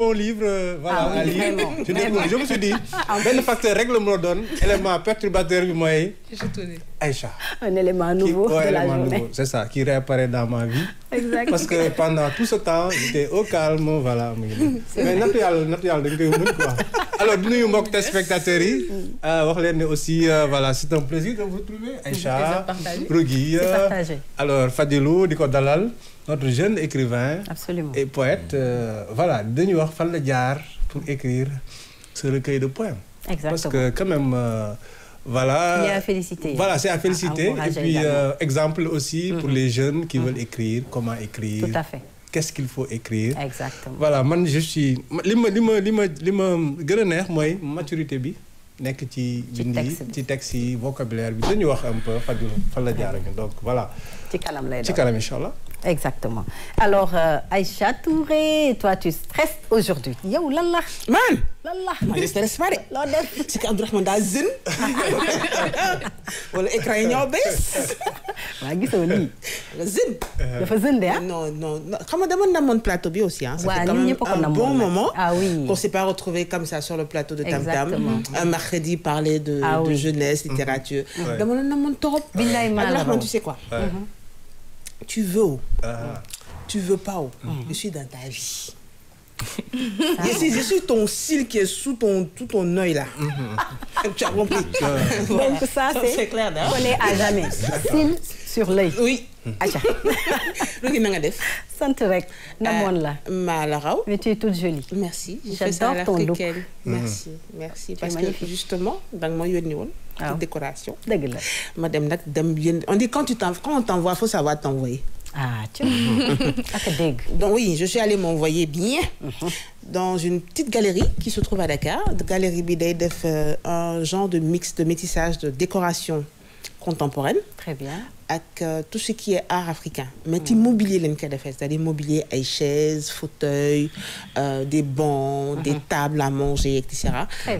mon livre, euh, voilà, ah, à lire. Je, me suis dit, ben facteur règle me donne, élément perturbateur du moyen. Je Aïcha. Un élément nouveau de la journée. C'est ça, qui réapparaît dans ma vie. Parce que pendant tout ce temps, j'étais au calme, voilà. Mais naturel, naturel, donc quoi. Alors, nous, mock tes spectateurs, mm. euh, aussi, euh, voilà, c'est un plaisir de vous trouver. Aïcha, Rougui. Euh, alors, Fadilou, Dikodalal, Dalal notre jeune écrivain et poète, euh, voilà, de wax fan la diar pour écrire ce recueil de poèmes. Exactement. Parce que quand même, euh, voilà... C'est à féliciter. Voilà, c'est à féliciter. et puis, euh, exemple aussi pour mm-hmm. les jeunes qui mm-hmm. veulent écrire, comment écrire. Tout à fait. Qu'est-ce qu'il faut écrire. Exactement. Voilà, man, je suis... li ma li ma li ma maturité bi. nek ci ci texte vocabulaire bi dañu wax un peu Fadilou fan la jaar donc voilà. ci kanam lay ci kanam Exactement. Alors, euh, Aïcha Touré, toi, tu stresses aujourd'hui. Yo, lala. Man Lala. Man, je stresse pas. Lala. C'est zin. Dazin. Voilà, écran en baisse. Ouais, guise au le Zin. Le euh, zin, hein? Non, non. Comme on dans mon plateau aussi, hein. Ça fait quand même un bon moment. Ah oui. Qu'on s'est pas retrouvé comme ça sur le plateau de Tam Tam. Un mercredi, parler de, ah, oui. de jeunesse, littérature. Mm-hmm. Demande mon top. Billah et Abdourahman, tu sais quoi? Mm-hmm tu veux où ah. Tu veux pas où mm-hmm. Je suis dans ta vie. je, suis, je suis ton cil qui est sous ton, tout ton œil là. Mm-hmm. tu as compris. Donc ça, c'est clair, On est à jamais sur oui. Euh, la. la raw. mais tu es toute jolie. merci j'adore ton look mm. merci merci parce que justement dans mon yónni woon. waaw décoration. on dit quand tu on t'envoie faut savoir t'envoyer. ah tu as ah, donc oui je suis allée m'envoyer bien. Mhm. dans une petite galerie qui se trouve à Dakar. galerie bi euh, un genre de mix de métissage de décoration contemporaine très bien Avec euh, tout ce qui est art africain mais hmm. tu immobilier, les c'est-à-dire chaises fauteuils euh, des bancs des hmm. tables à manger etc.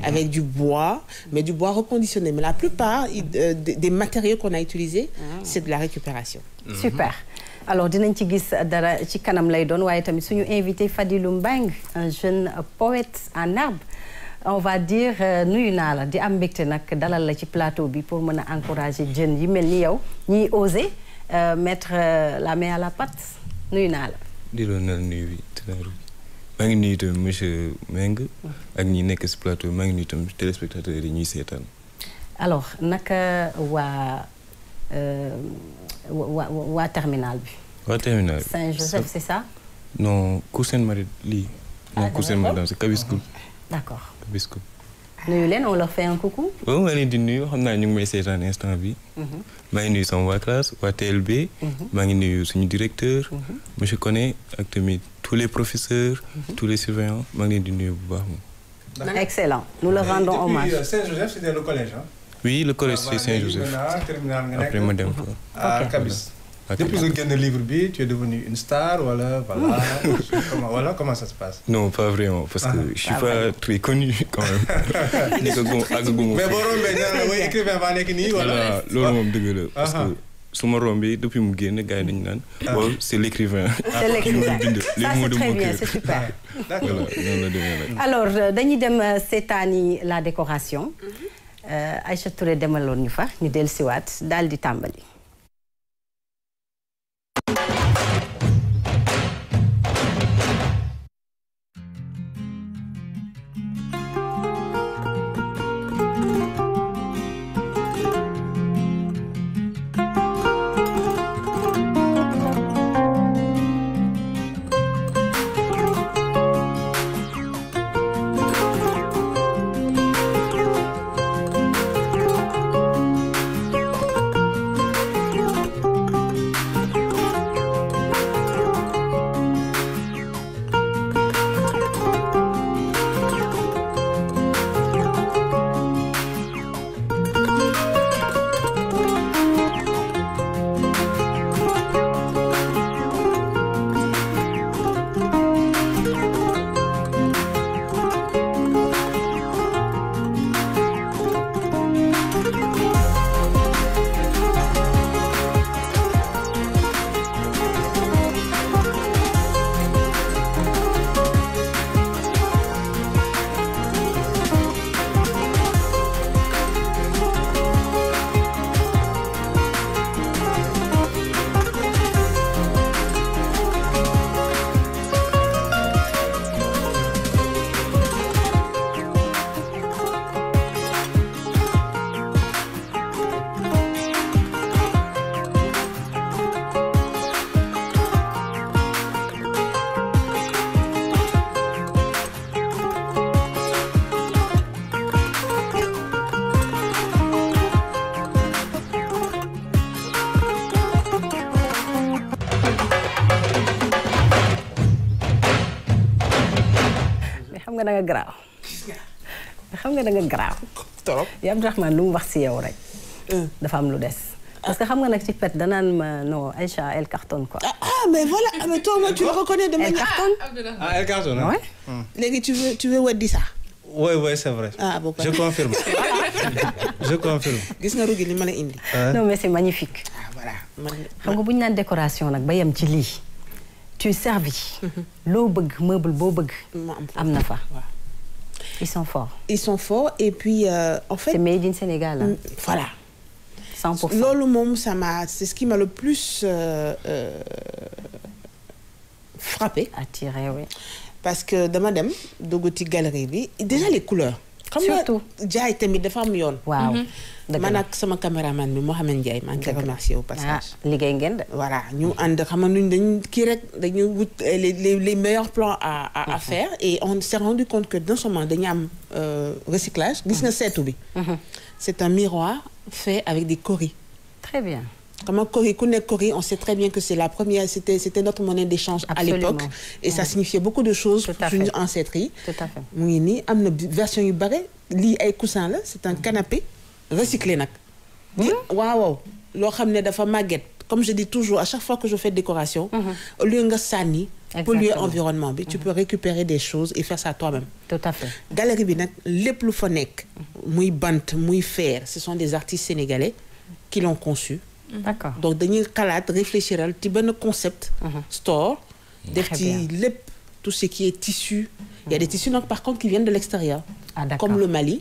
avec du bois mais du bois reconditionné mais la plupart euh, des matériaux qu'on a utilisés hmm. c'est de la récupération super alors nous ci invité Fadi un jeune poète en Arbre on va dire euh, nuyu naa la di am nak dalal la ci plateau bi pour mën encourager jeunes yi melni yow ñi oser euh, mettre euh, la main à la pâte nuyu naa la. di la nuyu bi maa ngi nuyu tamit monsieur Meng ak ñi nek ci plateau ma ngi nuyu tam téléspectateurs yi ñuy seetaan. alors naka waa wa, wa terminal bi. wa terminal Saint-Joseph c'est ça. non Cour marie li non Cour ah, Sainte-Marie c'est Kawi d'accord. Nous, on leur fait un coucou. Oui, on de di nuyu xam naa ñu un may à instant bi vie. Mhm. nous nuyu sama classe en TLB. nous, ngi nuyu directeur. Je mhm. connais ak tous les professeurs. Mhm. tous les surveillants maa ngi leen di excellent nous leur rendons hommage. depuis Saint-Joseph c'était le collège hein? oui le collège ah, c'est Saint-Joseph. après Madame. à ah, Kabis. Depuis que tu le livre, tu es devenu une star voilà, voilà. comment, voilà, comment ça se passe Non, pas vraiment, parce que ah, je ne suis ah, pas très connu quand même. mais bon, mais écrivain, voilà. Voilà, l'homme, parce ah, que Souma ma depuis que génn gars le dañu c'est l'écrivain. C'est l'écrivain, C'est ça c' très bien c'est super. alors euh, dañuy dem euh, seetaani la décoration. Mhm. Euh, Aïcha Touré demaloon ñu fa ñu di Tambali. da nga garaaw. xam nga da nga garaaw. trop yow Abdourahmane lu wax si yow rek. dafa am lu dess parce que xam nga nak ci pet danaan ma non Aïcha elle cartonne quoi. ah, ah mais voilà ah, mais toi moi tu le reconnais de cartonne ah, ah elle cartonne hein. ouais hmm. léegi tu veux tu veux dit ça. oui oui c'est vrai. ah bon bah. je confirme. je confirme. gis nga rugi li ma la indi. non mais c'est magnifique. ah voilà man. xam nga buñ ñu décoration nak ba yem ci li tu es servi. Mhm. meuble ils sont forts. ils sont forts et puis euh, en fait. c'est made in Sénégal hein. mm, voilà. 100% ça m'a c'est ce qui m'a le plus euh, euh, frappé. attiré oui. parce que de madame dugg galerie déjà les couleurs. Surtout. J'ai jaay tamit dafa am yoon. waaw mhm. man ak sama caméraman bi Mohamed Ndiaye man ngi koy remercier au passage. Ah, Ligay ngeen de. voilà ñu and xam nga nuñ dañ ki rek dañu wut eh, les les meilleurs plans à à à mhm. faire et on s'est rendu compte que non seulement dañu am euh, recyclage gis na mhm. seetu bi. c'est un miroir fait avec des coris. très bien. Comment Cori, Cori, on sait très bien que c'est la première, c'était, c'était notre monnaie d'échange à l'époque. Et ça signifiait beaucoup de choses Tout pour une ancêtrie. Tout à fait. Oui, ni amna version yu barré, li ay coussin là, c'est un canapé recyclé nak. Mmh. Waouh, lo xamné dafa maguette. Comme je dis toujours, à chaque fois que je fais décoration, mmh. au lieu de sani, polluer environnement tu mmh. peux récupérer des choses et faire ça toi-même. Tout à fait. Galerie bi les lepp lu fa nek, muy bant, muy fer, ce sont des artistes sénégalais qui l'ont conçu. Mhm. d'accord donc dañuy xalaat réfléchiral ci benn concept. Mhm. store des tout ce qui est tissu. il y a des mhm. tissus donc par contre qui viennent de l'extérieur. Ah, comme le Mali,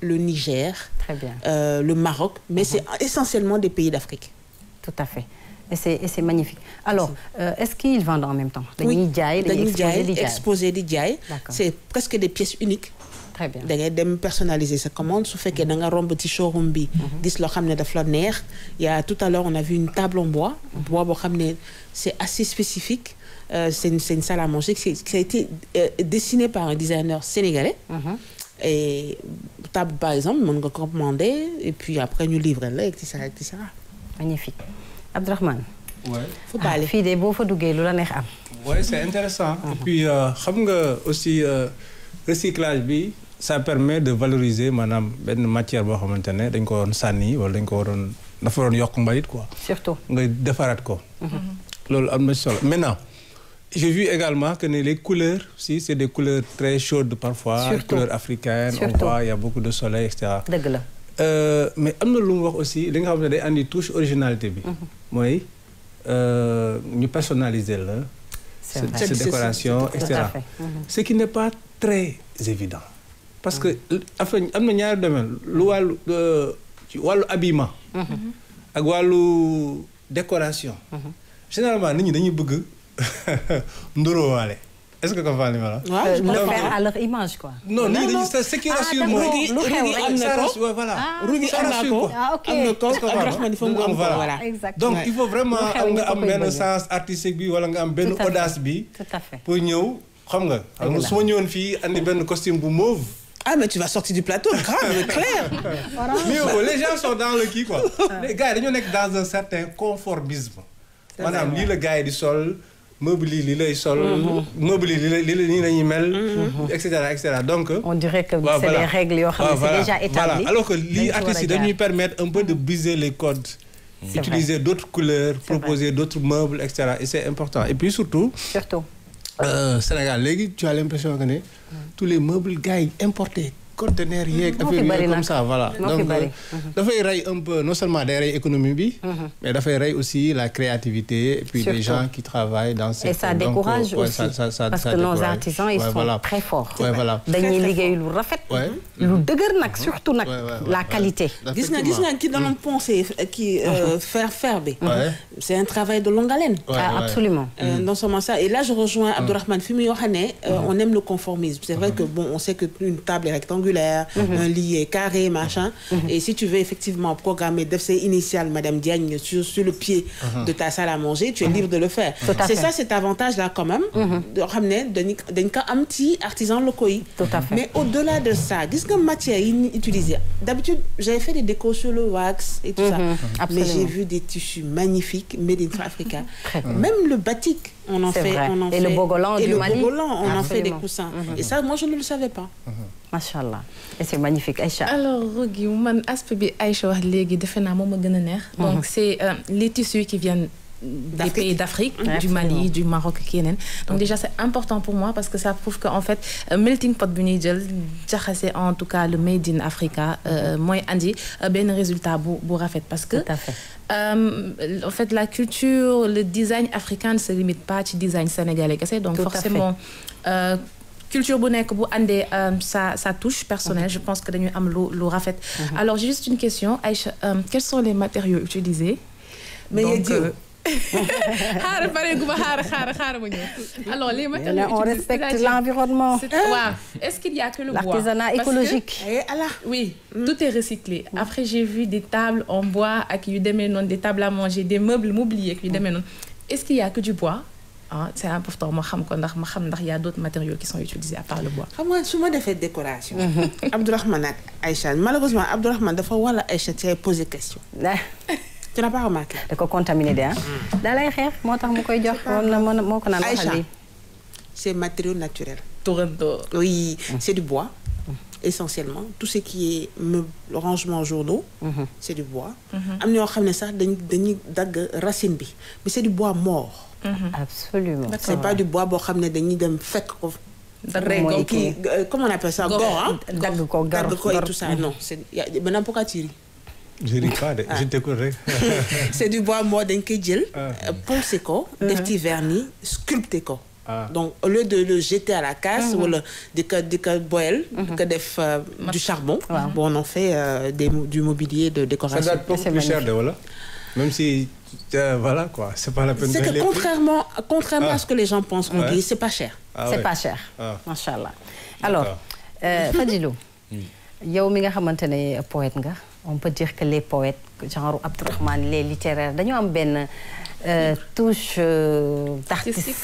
le Niger, Très bien. Euh, le Maroc, mais c'est essentiellement des pays d'Afrique. Tout à fait. Et c'est magnifique. Alors, euh, est-ce qu'ils vendent en même temps Les oui, les exposés, exposés C'est presque des pièces uniques très bien da ngay dem personnaliser sa commande su fekkee da nga romb ci showroom bi. Mhm. gis loo xam ne daf la neex. y a tout à l'heure on a vu une table en bois. bois boo xam ne c'est assez spécifique. Euh, c'est une, une, salle à manger qui, a été euh, dessinée par un designer sénégalais. Mhm. Et table, par exemple, on a commandé, et puis après, nous livrer là, etc., ça Magnifique. Abdrahman. Ouais. Faut ah, pas aller. Fille des beaux, faut douguer, neex am Oui, c'est intéressant. Et mhm. puis, euh, nga aussi, recyclage, bi, ça permet de valoriser la ben matière bo xamante dañ ko won sani wala dañ ko da fa won yok quoi. surtout ngay défarat ko. Mhm. loolu amna maintenant. J'ai vu également que les couleurs, si c'est des couleurs très chaudes parfois, des couleurs africaines, on voit, il y a beaucoup de soleil, etc. Euh, mais il y a aussi, il y une touche originalité. Oui, mhm. euh, nous personnaliser là, cette, décoration, etc. Mhm. Ce qui n'est pas très évident parce que affaire am na ñaari domaine lu wàllu euh, ci wàllu habillement. Mhm. ak walu décoration. Mhm. généralement nit ñi dañuy bëgg nduro walé est-ce que comme ça li ma euh, à leur image quoi. non nit ñi dañuy ce qui ah, rassure moi lu xew rek am na ko voilà. rugi rassure ko am na ko am voilà. donc il faut vraiment nga am ben sens artistique bi wala nga am ben audace bi. pour ñëw xam nga. xam nga su ma ñëwoon andi ben costume bu mauve. Ah, mais tu vas sortir du plateau, grave, clair. Mais oh, les gens sont dans le qui, quoi. Ah. Les gars, nous sommes dans un certain conformisme. Madame, l'île, le gars du sol, meuble, lui, le sol, mhm. meuble, lui, le email, etc., etc. Donc, on dirait que c'est les règles, ah, c'est déjà établi. Alors que les artistes, nous permettre un peu de briser les codes utiliser d'autres couleurs, proposer d'autres meubles, etc. Et c'est important. Et puis surtout, surtout. Euh, Sénégal léegi tu as l'impression que tous les meubles gars yi importés conteneur yeeg affaire comme ça voilà donc euh, mhm. dafay ray un peu non seulement day rey économie bi mhm. mais dafay ray aussi la créativité et puis les gens qui travaillent dans ces et ça euh, décourage aussi parce que nos artisans ils sont très forts voilà dañuy liggéey lu rafet lu mhm. deuguer nak surtout nak la qualité gis nga gis nga ki doon pensé qui euh, faire faire bi c'est un travail de longue haleine ah, absolument non seulement ça et là je rejoins Abdourahmane fi waxane on aime le conformisme c'est vrai que bon on sait que une table est rectangle Mhm. un lit carré, machin. Mhm. Et si tu veux effectivement programmer d'FC initial, Madame Diagne, sur, sur le pied mhm. de ta salle à manger, tu es libre de le faire. C'est ça cet avantage-là quand même, de ramener d'un petit artisan locaux. Mais au-delà de ça, qu'est-ce que matière utilisée D'habitude, j'avais fait des décos sur le wax et tout ça. Mais j'ai vu des tissus magnifiques, made in Africa. même le batik, on en fait. On en et le bogolan on en fait des coussins. Et ça, moi, je ne le savais pas et c'est magnifique Aïcha. alors mon aspect bi Aïcha wax mhm. donc c'est euh, les tissus qui viennent. des pays d'Afrique, du Mali, du Maroc, Kenen. Donc déjà c'est important pour moi parce que ça prouve qu'en fait, euh, melting pot bunidjel, c'est en tout cas le made in Africa, euh, moi Andy, un résultat pour Rafet parce que euh, en fait la culture, le design africain ne se limite pas au design sénégalais, donc forcément forcément culture bonnet ça euh, sa touche personnelle je pense que nous am fait. Mhm. alors j'ai juste une question Aïcha euh, quels sont les matériaux utilisés. Mais il y a euh, alors les matériaux on respecte l'environnement. Hein? est-ce qu'il n'y a que le bois l'artisanat écologique. Eh, oui mm. tout est recyclé. après j'ai vu des tables en bois ak des tables à manger des meubles m'oublier est-ce qu'il n'y a que du bois. Ah, c'est un peu important ma xam ko ndax y' a d'autres matériaux qui sont utilisés à part le bois. ah moi des faits de décoration. Mhm. Abdourahmane ak Aïcha malheureusement Abdourahmane dafa wala Aïcha ci posé poser question. tu n'as pas remarqué. da contaminé hein ah. da lay xeex moo tax koy jox. matériaux naturels. oui mm. c'est du bois. Mm. essentiellement tout ce qui est rangement journaux mm-hmm. c'est du bois. Mm-hmm. am ne sax mais c'est du bois mort. Mhm. absolument c'est pas du bois comme dañuy dem euh, on appelle ça ah? tout ça non maintenant pourquoi tu je ah. je c'est du bois ah. euh, uh-huh. vernis sculpté Donc, au lieu de le jeter à la casse ou le, du charbon, bon, on en fait euh, des, du mobilier de décoration. Ça plus cher de voilà. Même si voilà quoi, c'est pas la peine de que contrairement, contrairement à ce que les gens pensent, on ah ouais. dit c'est pas cher. Ah c'est pas cher. Ah. Machallah. Alors, euh, Fadilou, yow mi nga xamantene poète on peut dire que les poètes genre Abdurrahman, les littéraires ils ont une touche euh, artistique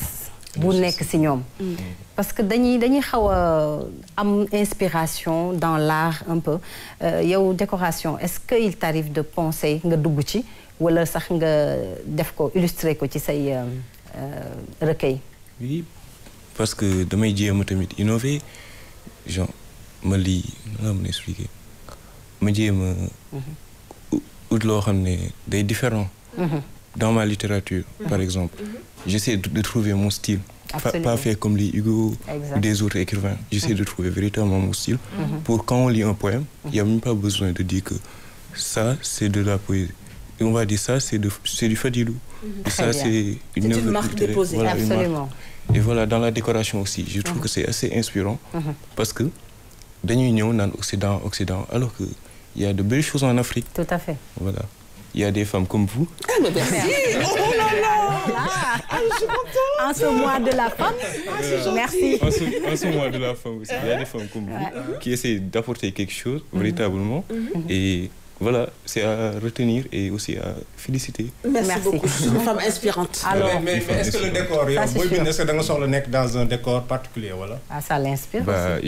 d'artiste bu mm. parce que ils ont xaw inspiration dans l'art un peu euh, yow décoration est-ce qu'il t'arrive de penser nga dugg ci wala sax nga def ko illustrer ko ci say euh, euh, recueil. oui parce que damay jéem tamit innover genre ma lis... je mën a expliquer ma jéem a. Mhm. ut loo xam day différent. Mhm. dans ma littérature. Mhm. par exemple j'essaie de trouver mon style. Pas faire comme les Hugo ou des autres écrivains. J'essaie de trouver véritablement mon style. Pour quand on lit un poème, il n'y a même pas besoin de dire que ça, c'est de la poésie. Et on va dire ça, c'est du fadilou. Mhm. Ça, c'est une, marque déposée. Absolument. Et voilà, dans la décoration aussi, je trouve mhm. que c'est assez inspirant mhm. parce que dans union dans l'Occident, Occident, alors qu'il y a de belles choses en Afrique. Tout à fait. Voilà. Il y a des femmes comme vous. Ah, merci Oh là là ah, En ce mois de la femme, ah, merci. En ce, en ce, mois de la femme aussi, il y a des femmes comme vous qui essaient d'apporter quelque chose véritablement. Et voilà, c'est à retenir et aussi à féliciter. Merci, beaucoup. une femme inspirante. Alors, mais, est-ce que le décor, est-ce que vous êtes dans un décor particulier voilà? Ah, ça l'inspire bah,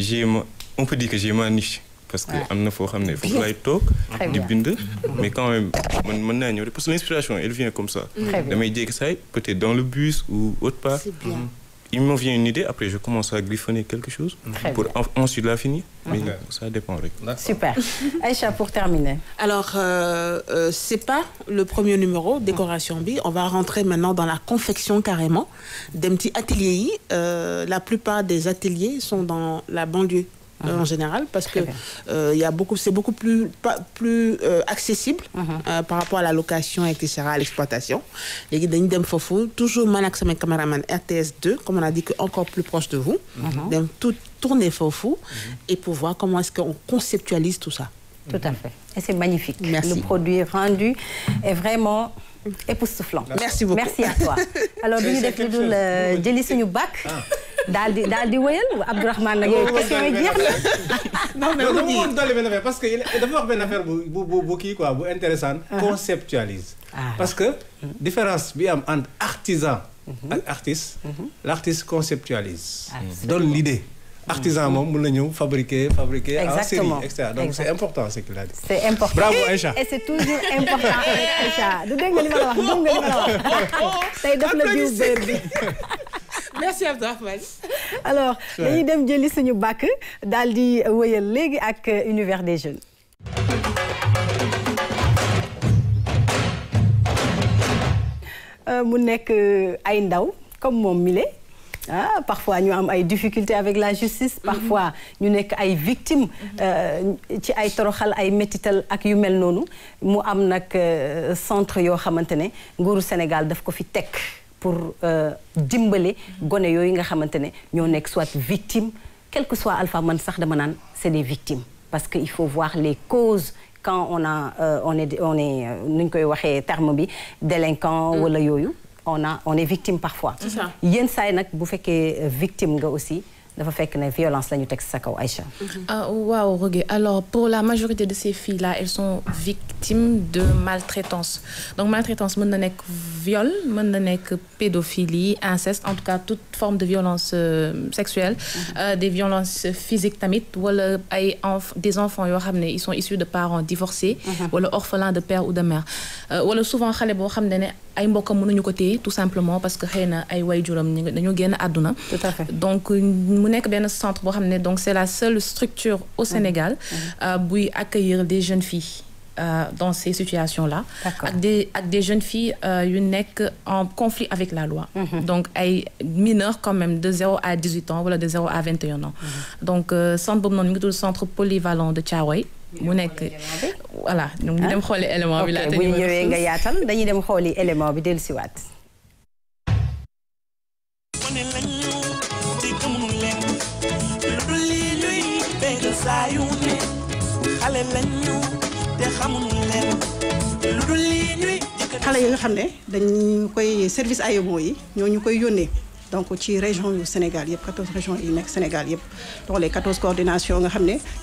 On peut dire que j'ai ma niche. Parce que faut ramener, faut que talk, du bind, mais quand même, mon parce que l'inspiration, elle vient comme ça. Mais il dit que ça peut-être dans le bus ou autre part. C'est bien il me vient une idée, après je commence à griffonner quelque chose pour ensuite la finir. Mais ça dépend. Super. Aïcha, pour terminer. Alors, ce euh, n'est euh, c'est pas le premier numéro, décoration B. On va rentrer maintenant dans la confection carrément d'un petit atelier. Euh, la plupart des ateliers sont dans la banlieue euh, en général parce que euh, il y a beaucoup, c'est beaucoup plus, plus euh, accessible mhm. par rapport à la location, etc., à l'exploitation. Les guides Fofo, toujours Manak, mes caméramans RTS2, comme on a dit, encore plus proche de vous. Mhm. Mhm. Donc, tout tourner Fofo et pour voir comment est-ce qu'on conceptualise tout ça. Tout à fait. Et c'est magnifique. Merci. Le produit rendu est vraiment époustouflant. merci beaucoup merci à toi. alors du ñu def lu dul euh, jëli suñu bac. Ah. daal di daal di wéyal Abdourahmane nag yooyu question yi jeex na. non mais dama mën dolli benn affaire parce que dafa wax ben affaire bu bu bu ki quoi bu intéressante ah. conceptualise. Ah. parce que différence bi am entre artisan. Mhm. ak artiste. Mhm. l'artiste conceptualise. donne l'idée artisan moom fabriqué, na fabriquer fabriquer en série etc donc c'est important ce qu'il a dit c'est important bravo Aïcha et c'est toujours important avec Aïcha du dégg nga li ma la wax dégg wax tey def la merci Abdourahmane alors nous dem jëli suñu bàkk daal di wëyal ak univers des jeunes euh, mu suis euh, ay ndaw comme mon Milé. Ah, parfois nous avons des difficultés avec la justice. Mhm. parfois nous sommes des victimes. Mhm. Euh, nous, euh, centre Nous ne Sénégal daf ko pour que les gens nga ne soit victime quel que soit alpha c'est des victimes parce qu'il faut voir les causes. quand on a euh, on est on est délinquant mhm on a on est victime parfois yenn a que fait que victime aussi ne que violence violences Aïcha. Mm-hmm. Ah, alors pour la majorité de ces filles là elles sont victimes de maltraitance donc maltraitance c'est na viol pédophilie inceste en tout cas toute forme de violence euh, sexuelle mm-hmm. euh, des violences physiques tamit wala des enfants ils sont issus de parents divorcés ou mm-hmm. orphelins de père ou de mère euh, wala souvent les boo de ay mbokam mënuñu de téye tout simplement parce que xëy na ay ñu Tout génn àdduna donc mu centre donc c'est la seule structure au mmh. Sénégal pour mmh. euh, accueillir des jeunes filles euh, dans ces situations-là. Avec des, jeunes filles euh, en conflit avec la loi. Mmh. Donc, elles mineures quand même, de 0 à 18 ans, voilà, de 0 à 21 ans. Donc, euh, le centre polyvalent de Tiaoui. voilà donc avons ah. dem éléments. élément bi des éléments. lañu te xamul leen lu xale yi nga koy service AEMO yi ñoo ñu koy yónnee donc ci région yu Sénégal yëpp 14 régions yi nekk Sénégal yëpp les 14 coordinations nga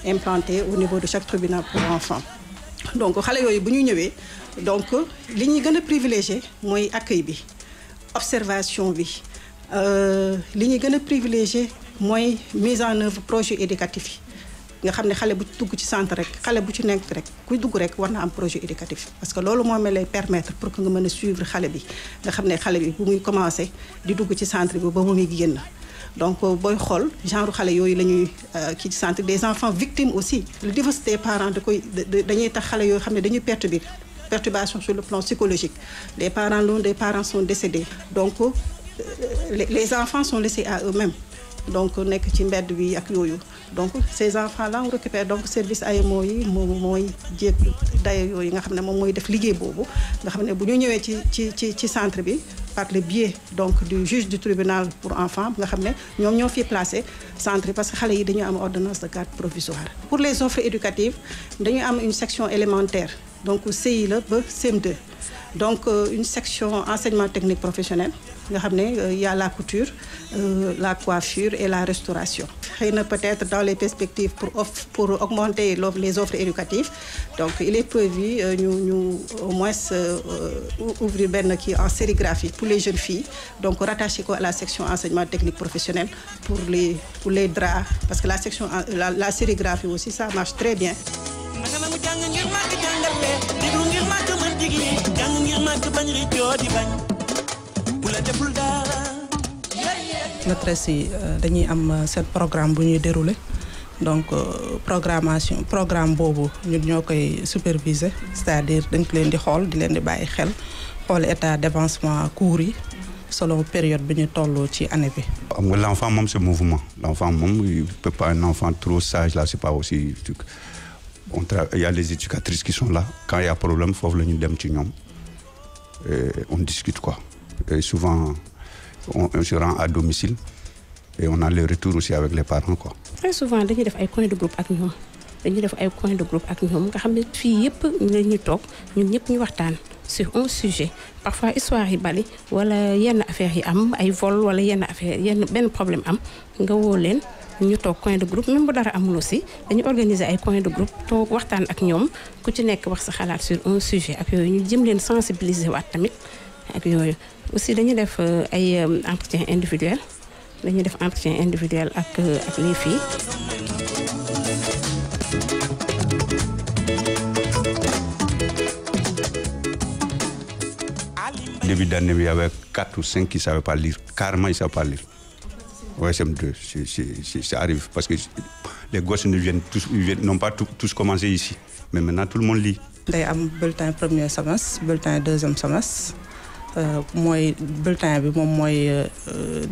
implantées au niveau de chaque tribunal pour enfants donc xale yooyu bu ñu ñëwee donc li ñuy gën a privilégié mooy accueil bi observation bi euh, li ñuy gën a privilégié mise en œuvre projet éducatif yi nga xam ne xale bu dugg ci centre rek xale bu ci nekk rek kuy dugg rek war na am projet éducatif parce que loolu moom lay permettre pour que nga mën a suivre xale bi nga xam ne xale bi bu muy commencé di dugg ci centre bi ba mu muy génn donc euh, booy xool genre xale yooyu la ñuy euh, kii ci centre des enfants victimes aussi la diversité parents da koy dañuy tax xale yoo xam ne dañuy perturbation sur le plan psychologique les parents l'un des parents sont décédés donc euh, les enfants sont laissés à eux-mêmes donc nekk ci mbedd bi ak yooyu donc ces enfants là on récupère donc service AIMOI, yi moom mooy jéeg dayo nga mom moy def liguey nga ci ci centre par le biais donc du juge du tribunal pour enfants nga ont ñom ñoo placé centre parce que xalé yi dañu am ordonnance de garde provisoire pour les offres éducatives dañu am une section élémentaire donc CI CM2 donc euh, une section enseignement technique professionnel nga euh, y a la couture euh, la coiffure et la restauration xëy peut-être dans les perspectives pour pour augmenter les offres éducatives donc il est prévu euh, ñu ñu au moins ouvrir benn qui en sérigraphie pour les jeunes filles donc rattacher ko à la section enseignement technique professionnel pour les pour les draps parce que la section la sérigraphie aussi ça marche très bien notre yi euh, dañuy am euh, seen programme bu ñuy dérouler donc euh, programmation programme bobu ñun ñokay superviser c'est-à-dire dañ ko leen di xol di leen di bàyyi xel xol état d'avancement cours yi selon période bi ñu tolloo ci année bi. xam nga l'enfant mom c'est mouvement l'enfant mom il peut pas un enfant trop sage là c'est pas aussi on il y a les éducatrices qui sont là quand il y a problème fof la ñu dem ci on discute quoi. Euh, et souvent, on, on, se rend à domicile et on a le retour aussi avec les parents. Quoi. Très souvent, dañuy def ay coins de groupe ak ñoom dañuy def ay coins de groupe ak ñoom nga xamné fi yépp yëpp ñu ñu tok ñun ñëpp ñu waxtaan sur un sujet parfois histoire yi bari wala yenn affaire yi am ay vol wala yenn affaire yenn ben problème am nga wo leen ñu tok coin de groupe même bu dara amul aussi dañuy organiser ay coin de groupe tok waxtaan ak ñom ku ci nekk wax sa xalaat sur un sujet ak yooyu ñu jëm leen sensibiliser waat tamit ak aussi dañuy def euh, ay euh, entretien individuel dañuy def entretien individuel ak euh, ak les filles début d'année, il y avait 4 ou 5 qui ne savaient pas lire. Carrément, ils ne savaient pas lire. Ouais, SM2, ça arrive. Parce que les gosses ne viennent tous, n'ont pas tous commencé ici. Mais maintenant, tout le monde lit. Il y a un bulletin premier semestre, temps deuxième semestre. Euh, mooy bulletin bi moom mooy euh,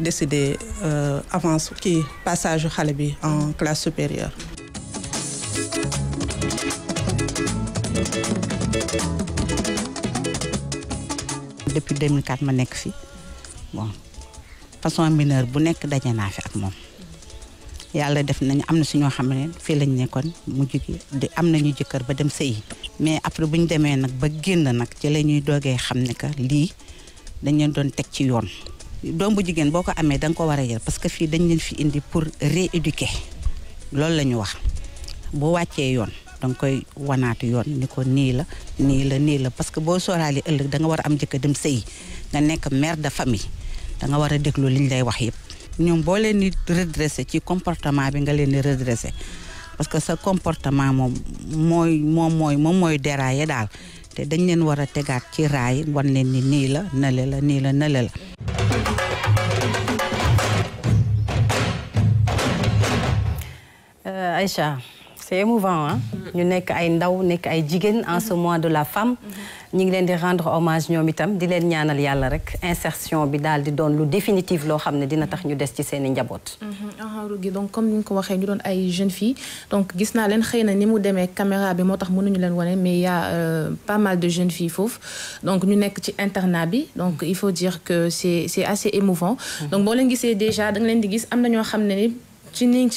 décider euh, avance kii passage xale bi en classe supérieur depuis 2004 ma nekk fi bon façon mineur bu nekk daje naa fi ak moom yàlla def nañu am na si ñoo xam ne fii lañ nekkoon mujj gi di am nañu jëkkër ba dem sëyi mais après bu ñu demee nag ba génn nag ci la ñuy doogee xam ne que lii. dañ leen doon teg ci yoon doom bu jigéen boo ko amee da nga ko war a yar parce que fii dañ leen fi indi pour rééduquer loolu la ñu wax boo wàccee yoon da nga koy wanaatu yoon ni ko nii la nii la nii la parce que boo sooraale ëllëg danga war a am jëkkër dem sëyi nga nekk mère de famille da war a déglu li day wax yëpp. ñoom boo leen di redressé ci comportement bi nga leen di redressé parce que sa comportement moom mooy moom mooy moom mooy déraillé daal. te dañ leen war a tegaat ci raay wan leen ni nii la nële la nii la nële la aicha c'est émouvant hein. ñu nek ay ndaw nek ay jigen en ce mois de la femme. ñu ngi leen di rendre hommage ñom itam di len ñaanal yalla rek insertion bi dal di don lu définitive lo xamne ne dina tax ñu dess ci seen i njaboot. donc comme ñu ko waxee ñu don ay jeunes filles donc gis na len xëy na ni mu démé caméra bi motax mënu ñu len wane mais il y' a euh, pas mal de jeunes filles foofu donc ñu nek ci internat bi donc il faut dire que c'est c'est assez émouvant. Mmh. donc boo len gisee déjà da nga len di gis am na ñoo ni elles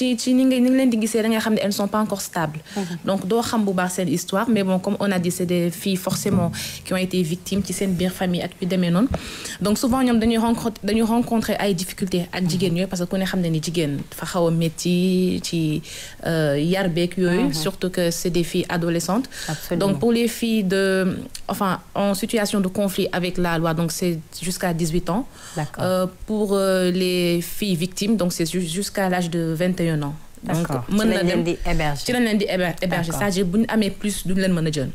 ne sont pas encore stables mhm. donc on xam histoire mais bon comme on a dit c'est des filles forcément qui ont été victimes qui sont bien famille donc souvent on a rencontre des rencontrer difficultés à parce qu'on surtout que c'est des filles adolescentes donc pour les filles de enfin en situation de conflit avec la loi donc c'est jusqu'à 18 ans euh, pour euh, les filles victimes donc c'est jusqu'à l'âge de 21 ans. donc mën na dem ci lañ leen di héberger c'est-à-dire bu plus duñ leen mën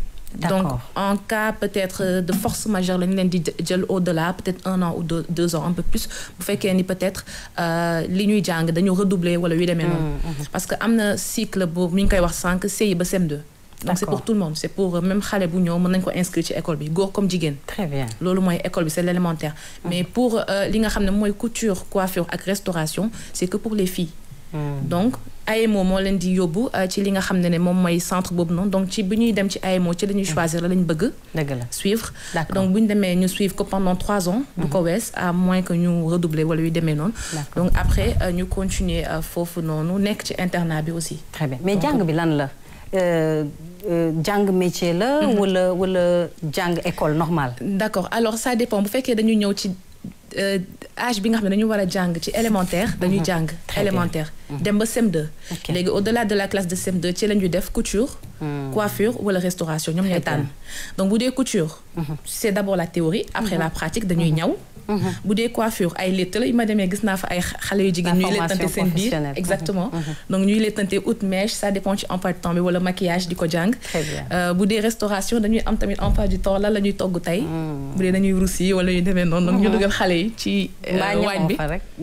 donc en cas peut-être de force majeure le leen di jël au-delà peut-être un an ou deux, deux ans un peu plus bu fekkee ni peut-être euh, li ñuy jàng dañu redoubler wala yu demee noonu. Mm, mm-hmm. parce que am cycle bu ñu ngi c'est wax sànq CI ba 2 donc c'est pour tout le monde c'est pour même xale bu ñëw mën nañ ko inscrire ci école bi góor comme Jigen. très bien loolu mooy école bi c'est l'élémentaire. Mm. mais pour euh, li nga xam couture coiffure et restauration c'est que pour les filles. Mm. donc AMO mo leen di yóbbu euh, ci li nga xam ne ne moom mooy centre boobu noonu donc ci bi ñuy dem ci AMO ci lañuy mm. choisir la lañ bëgg. dëgg la suivre. donc bu ñu demee ñu suivre ko pendant trois ans. du mm-hmm. ko wees à moins que ñu redoubler wala yu demee noonu. donc après euh, ñu continuer euh, foofu noonu nekk ci internat bi aussi. très bien mais jàng bi lan la. jàng métier la. Mm-hmm. wala wala jàng école normale. d'accord alors ça dépend bu fekkee dañu ñëw ci âge bi nga xam ne dañu war a jàng ci élémentaire. dañuy mm-hmm. jàng élémentaire. Mm-hmm. dem ba CM2. légui au delà de la classe de sem 2 ci la def couture. Mm. coiffure wala restauration ñom ñooy tànn. donc boudé couture. Mm-hmm. c' est d' abord la théorie après mm-hmm. la pratique dañuy ñaw. bu dee coiffure ay létt la yu ma gis na fa ay xalé yu jigéen ñuy lettante seen biir exactement donc ñuy lettante out mèche ça dépend ci emploi du temps wala maquillage diko jang euh boudé restauration dañuy am tamit emploi du temps lan la ñuy togg tay mm. bu dee dañuy roussi wala ñuy démé non ñu duggal xalé ci euh, waañ bi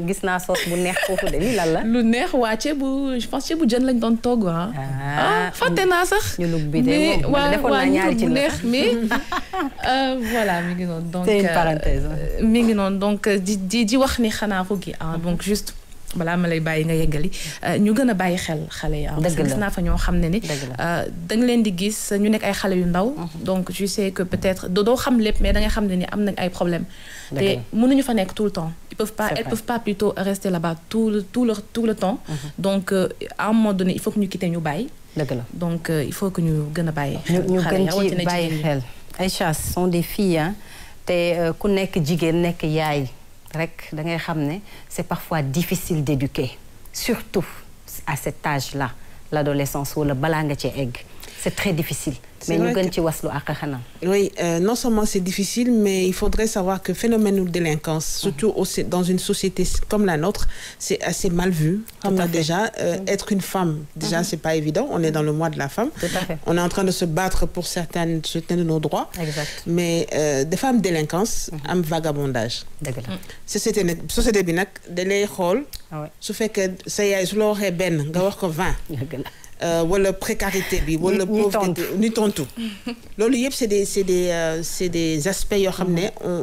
gis na sauce bu neex fofu de li lan la lu neex wa waa ceebu je pense ceebu jën lañ doon togg ah. ah, ah fàtte sax. ñu lu bi de moom waa ñu bu neex mais euh, voilà mi ngi noonu donc. c'est une euh, parenthèse hein. mi ngi noonu donc euh, di di di wax ni xana ko gi ah donc juste. balaa ma lay bàyyi nga yeggali ñu gën a bàyyi xel xale yi ah, gis naa fa ñoo xam ne ni nga leen di gis ñu nekk ay xale yu ndaw mhm. donc je sais que peut-être doo xam lépp mais da nga xam ne ni am nañ ay problème te mënuñu fa nekk tout le temps ils pas, elles ne peuvent pas plutôt rester là-bas tout le, tout tout le temps. Mhm. Donc, euh, à un moment donné, il faut que nous quittions nos bails. Donc, euh, il faut que nous nos bails. Nous nos bails. Aïcha, ce sont des filles. Hein? Euh, ku on jigéen nekk yaay c'est parfois difficile d'éduquer surtout à cet âge-là l'adolescence wala le egg c'est très difficile oui euh, non seulement c'est difficile mais il faudrait savoir que phénomène de délinquance. surtout aussi dans une société comme la nôtre c'est assez mal vu. déjà euh, mm. être une femme. déjà mm-hmm. c'est pas évident on est dans le mois de la femme. on est en train de se battre pour certaines certains de nos droits. mais euh, des femmes délinquance. un mm-hmm. vagabondage. C'est une mm. société une société bi nag ce lay ah su ça euh, wala précarité bi. wala pauvreté ni tontu loolu yëpp c'est des c'est des euh, des aspects yo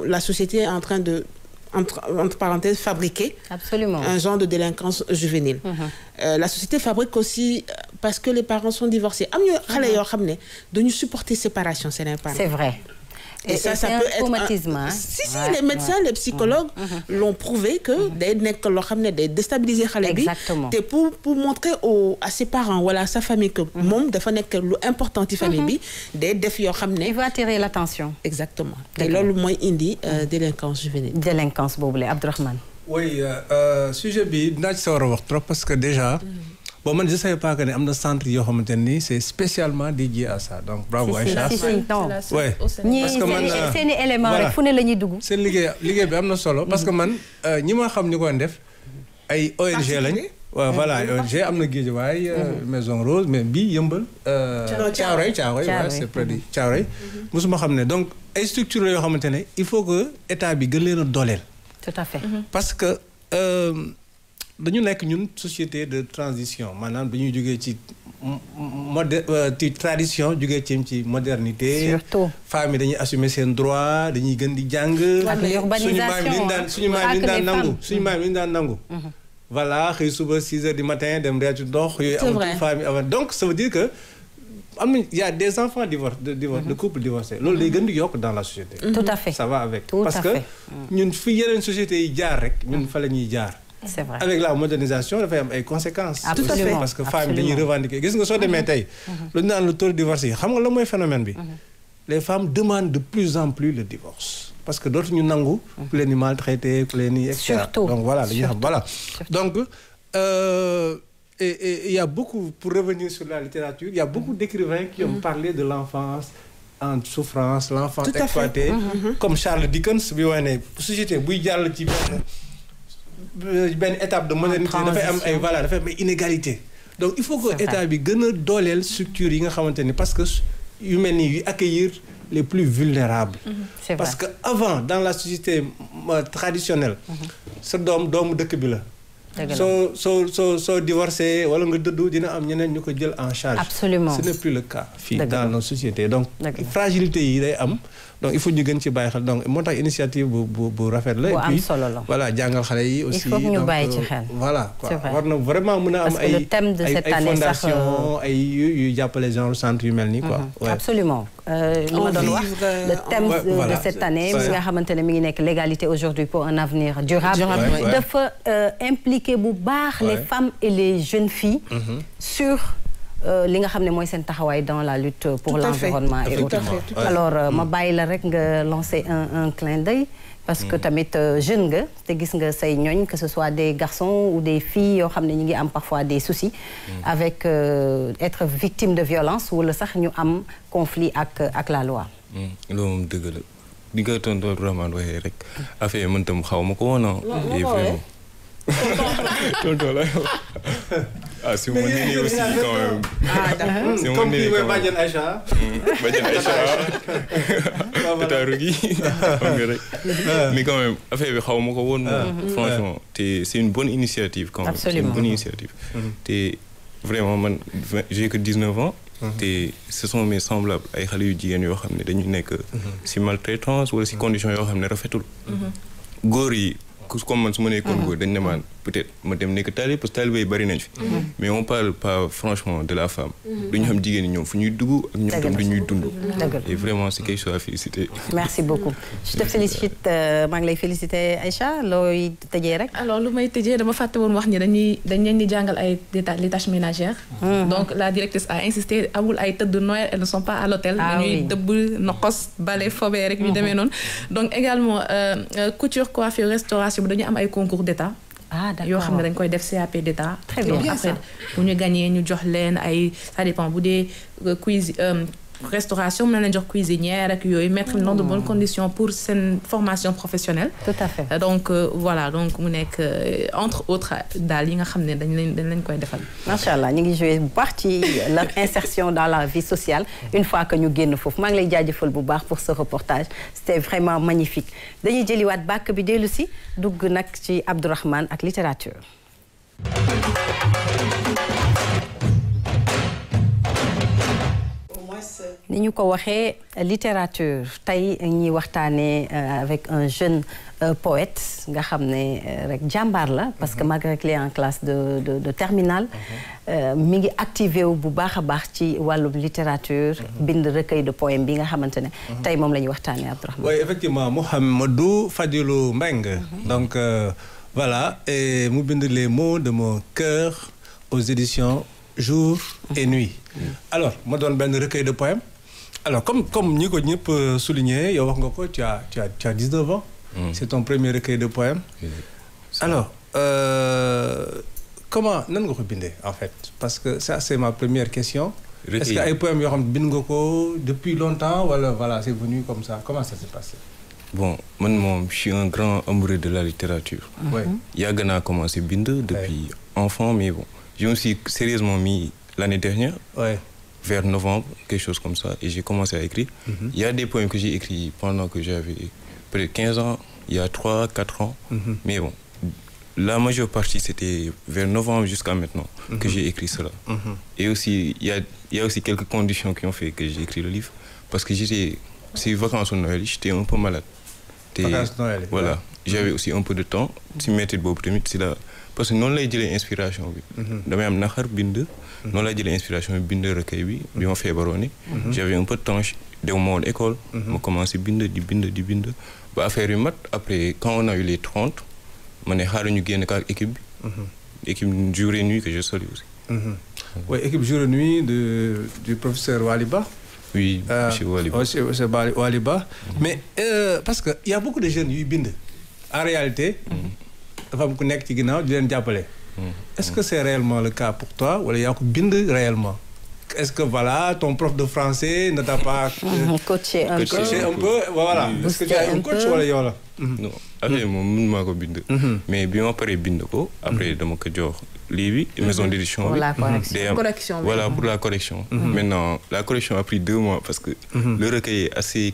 la société est en train de entre parenthèses fabriquer. absolument un genre de délinquance juvénile. Mm-hmm. Euh, la société fabrique aussi parce que les parents sont divorcés de mm-hmm. nous supporter séparation C'est n'importe c'est vrai. Et, ça, ça peut être. Traumatisme, hein. Si, si, les médecins, les psychologues mm, mm, mm. l'ont prouvé que des nek lo xamné day déstabiliser pour pour montrer au à ses parents voilà à sa famille que mom monde, nek lu important ci famille bi mm-hmm. il va attirer l'attention exactement Et là, le moins indi euh, délinquance juvénile délinquance vous voulez, Abdourahmane oui euh, euh sujet bi dina ci parce que déjà bon mais je sais pas que ne am na centre yoo xamante c'est spécialement dédié à ça donc bravo Aïcha. si si si ouais. parce que man c'est euh, seen i éléments rek fu ne la ñuy dugg. seen liggéey liggéey bi am solo parce que man euh, ñi ma xam ñu koy def ay ONG lañu. waaw voilà ONG am na Guédiawaye euh, mm-hmm. Maison Rose mais bii yëmbal. Thiaroye Thiaroye waaw c'est près de mm-hmm. Thiaroye. Mm-hmm. mosuma xam ne donc ay structure yoo xamante il faut que état bi gën leen a dooleel. tout à fait parce que dañu nekk ñun société de transition maanaam dañuy jógee ci mode euh, ci tradition jógee ci ci modernité. surtout femmes yi dañuy assumer seen droit dañuy gën di jàng. suñu maam yi daan suñu maam yi daan nangu suñu maam yi daan nangu. Mm-hmm. voilà xëy suba 6 heures du matin dem reetu dox. yooyu amatul femme yi avant donc ça veut dire que. am na y a des enfants divorcés de divor de mm-hmm. couple divorcé loolu day mm-hmm. gën di yokk dans la société. tout à fait ça va avec. parce que ñun fi yeneen société yi jaar rek ñun fa la ñuy jaar c'est vrai avec la modernisation y a des conséquences. tout à fait parce que femmes dañuy revendiquer Qu'est-ce que demee tey. Mm-hmm. Mm-hmm. lu des le taux de divorce yi nga phénomène mm-hmm. les femmes demandent de plus en plus le divorce. parce que d'autres nangu. ku leen les maltraités, ku etc. surtout donc voilà voilà. donc euh, et il y a beaucoup pour revenir sur la littérature il y a beaucoup d'écrivains qui ont parlé de l'enfance en souffrance l'enfance exploité comme Charles Dickens bi ce société buy jàll ci une étape de modernité dafay am ay voilà inégalité donc il faut que état bi parce que yu accueillir les plus vulnérables mhm, parce que avant dans la société euh, traditionnelle ce' mhm. dom dom dëkk bi la en charge absolument ce n'est plus le cas dans nos sociétés donc fragilité yi day donc il faut ñu gën ci bàyyi xel donc moo initiative bu bu bu rafet la. bu voilà jangal xalé yi. aussi il faut ñu bàyyi ci euh, xel. voilà quoi warna vraiment mëna am. ay ay fondation ay euh, yu jàppale genre centre yu melni quoi quoi. Mhm. absolument Euh, ma doon le thème de cette année mi nga xamante mi ngi l'égalité aujourd'hui pour un avenir durable euh, impliquer bu baax les femmes et les jeunes filles mhm. sur euh, li nga xamné dans la lutte pour l'environnement et alors euh, ma vais mm. lancer un clin d'œil parce que mm. tamit euh, jeune que ce soit des garçons ou des filles parfois des soucis mm. avec être victime de violence ou sax ñu am conflit ak la loi Ah, c'est mon aîné aussi quand même. Ah, d'accord. C'est mon aîné. Comme Badian Aïcha. C'est mm. Aïcha. Tatarugi. Mais quand même, affaire bi xaw ma mm-hmm. Franchement, c'est une bonne initiative quand même. Absolument. C'est une bonne initiative. Mm-hmm. Te vraiment j'ai que 19 ans. Mm-hmm. te ce sont mes semblables ay xale yu jigéen yoo dañu nek si maltraitance wala si conditions yo xamné ne rafetul. góor yi comme man su ma nekkoon dañ ne maan peut-être ma dem nekk taalibe parce que taalibe yi bari nañ fi. Mhm. mais on parle pas franchement de la femme. Mhm. du ñu xam jigéen ñi ñoom fu ñuy dugg ak ñoom ñuy dund. et vraiment c'est quelque chose à féliciter. merci beaucoup je te félicite euh, maa ngi féliciter Aïcha looy tëjee rek. alors lu may tëjee dama fàtte woon wax ni dañuy dañ leen di jàngal ay les tâches ménagères. Mhm. donc la directrice a insisté amul ay tëdd nooy elles ne sont pas à l'hôtel. Ah dañuy dëbb noqos bale fobee rek ñu demee noonu. donc également euh, euh, couture coiffure restauration bi dañu am ay concours d'état ah d'accord yoo xam ne dañ koy def CAP d'état. très bien après bu ñu gagné ñu jox leen ay ça dépend bu dee euh, quiz euh, restauration manager cuisinière ak yooyu mettre dans de bonnes hmm. conditions pour cette formation professionnelle. tout à fait donc euh, voilà donc mu que euh, entre autres daal yi nga xam ne dañ leen dañ leen koy leur insertion dans la vie sociale une fois que nous gagnons. foofu les ngi lay jaajëfal bu pour ce reportage c'était vraiment magnifique dañuy jëliwaat de bi dellu si dugg nag ci Abdourahmane ak littérature. Nous ko waxé littérature tay ñi waxtané euh, avec un jeune euh, poète nga xamné euh, rek jambar la parce que mhm. malgré qu'il est en classe de de de terminale mhm. mi ngi activé wu bu baaxa a baax ci littérature mhm. bind recueil de poèmes, bi nga xamante ne mom moom la ñuy Abdourahmane oui effectivement Mohamedou Fadilou Meng. donc voilà et mu bind les mots de mon cœur aux éditions Jour et Nuit alors ma donne ben recueil de poèmes alors comme comme pouvons ko euh, souligné tu as tu as tu as 19 ans. Mm. c'est ton premier recueil de poèmes. alors euh, comment nan nga en fait parce que ça c'est ma première question. est-ce que y poèmes yoo bind depuis longtemps Ou alors, voilà c'est venu comme ça comment ça s'est passé. bon moi, je suis un grand amoureux de la littérature. Mm-hmm. Ouais. yàgg a commencé Binde depuis enfant mais bon je me suis sérieusement mis l'année dernière. oui vers novembre, quelque chose comme ça, et j'ai commencé à écrire. Mhm. Il y a des poèmes que j'ai écrits pendant que j'avais près de 15 ans, il y a 3, 4 ans, mhm. mais bon, la majeure partie, c'était vers novembre jusqu'à maintenant que mhm. j'ai écrit cela. Et aussi, il y, a, aussi quelques conditions qui ont fait que j'ai écrit le livre, parce que j'étais, ces vacances de Noël, j'étais un peu malade. Vacances Voilà. J'avais aussi un peu de temps. Si je mettais de beau c'est là. Parce que non, là, j'ai l'inspiration. Nahar on l'a j'ai l'inspiration de binder recueil bi bi ma mhm. j'avais un peu de temps de mon école mhm. ma commencé à di binder. di à ba affaire yu mat après quand on a eu les 30, on xaru ñu génn ka équipe mhm. équipe jour et nuit que je salue aussi oui équipe jour et nuit de du professeur Waliba oui euh, monsieur Waliba monsieur Waliba mais euh, parce que y a beaucoup de jeunes yu binder en réalité dafa am ku nekk ci ginnaaw di leen jàppale est-ce que c'est réellement le cas pour toi ou wala a que bind réellement est-ce que voilà ton prof de français ne t'a pas euh, coaché un peu coaché un peu voilà est-ce que tu as un coach voilà. Mhm. non je mon mun maa ko bind mhm. mais bi ma je suis ko après mhm. dama ko dit les bi maison d'édition correction. voilà pour la correction maintenant la correction a pris deux mois parce que le recueil est assez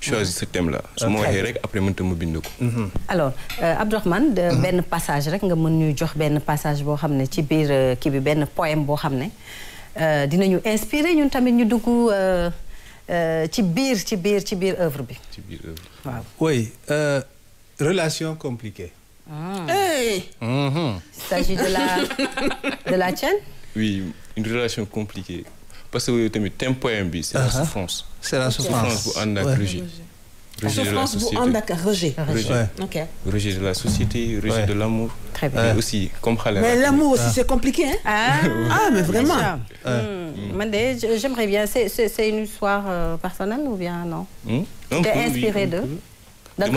choisi ce thème là. su ma rek après mënta ma bind ko. Mhm. alors euh, Abdourahmane de ben passage rek nga mën ñu jox ben passage bo xamné ci biir euh, kii bi ben poème bo xamné euh dinañu inspirer ñun tamit ñu dugg euh, ci biir ci biir ci biir œuvre bi. ci biir œuvre waaw. oui relation compliquée. Hmm. Mhm. il s'agit de la de la tienne. oui une relation compliquée parce que tempo thème poème c'est la uh-huh. souffrance. c'est la souffrance pour souffrance, la souffrance, vous en ok. rejet. rejet de la société rejet de l'amour. très bien mais aussi comme mais l'amour aussi ah. c'est compliqué hein. ah, ah mais vraiment. Hmm. Mandé, j'aimerais bien c'est une histoire euh, personnelle ou bien non. Hmm? t'es inspiré d'eux D'un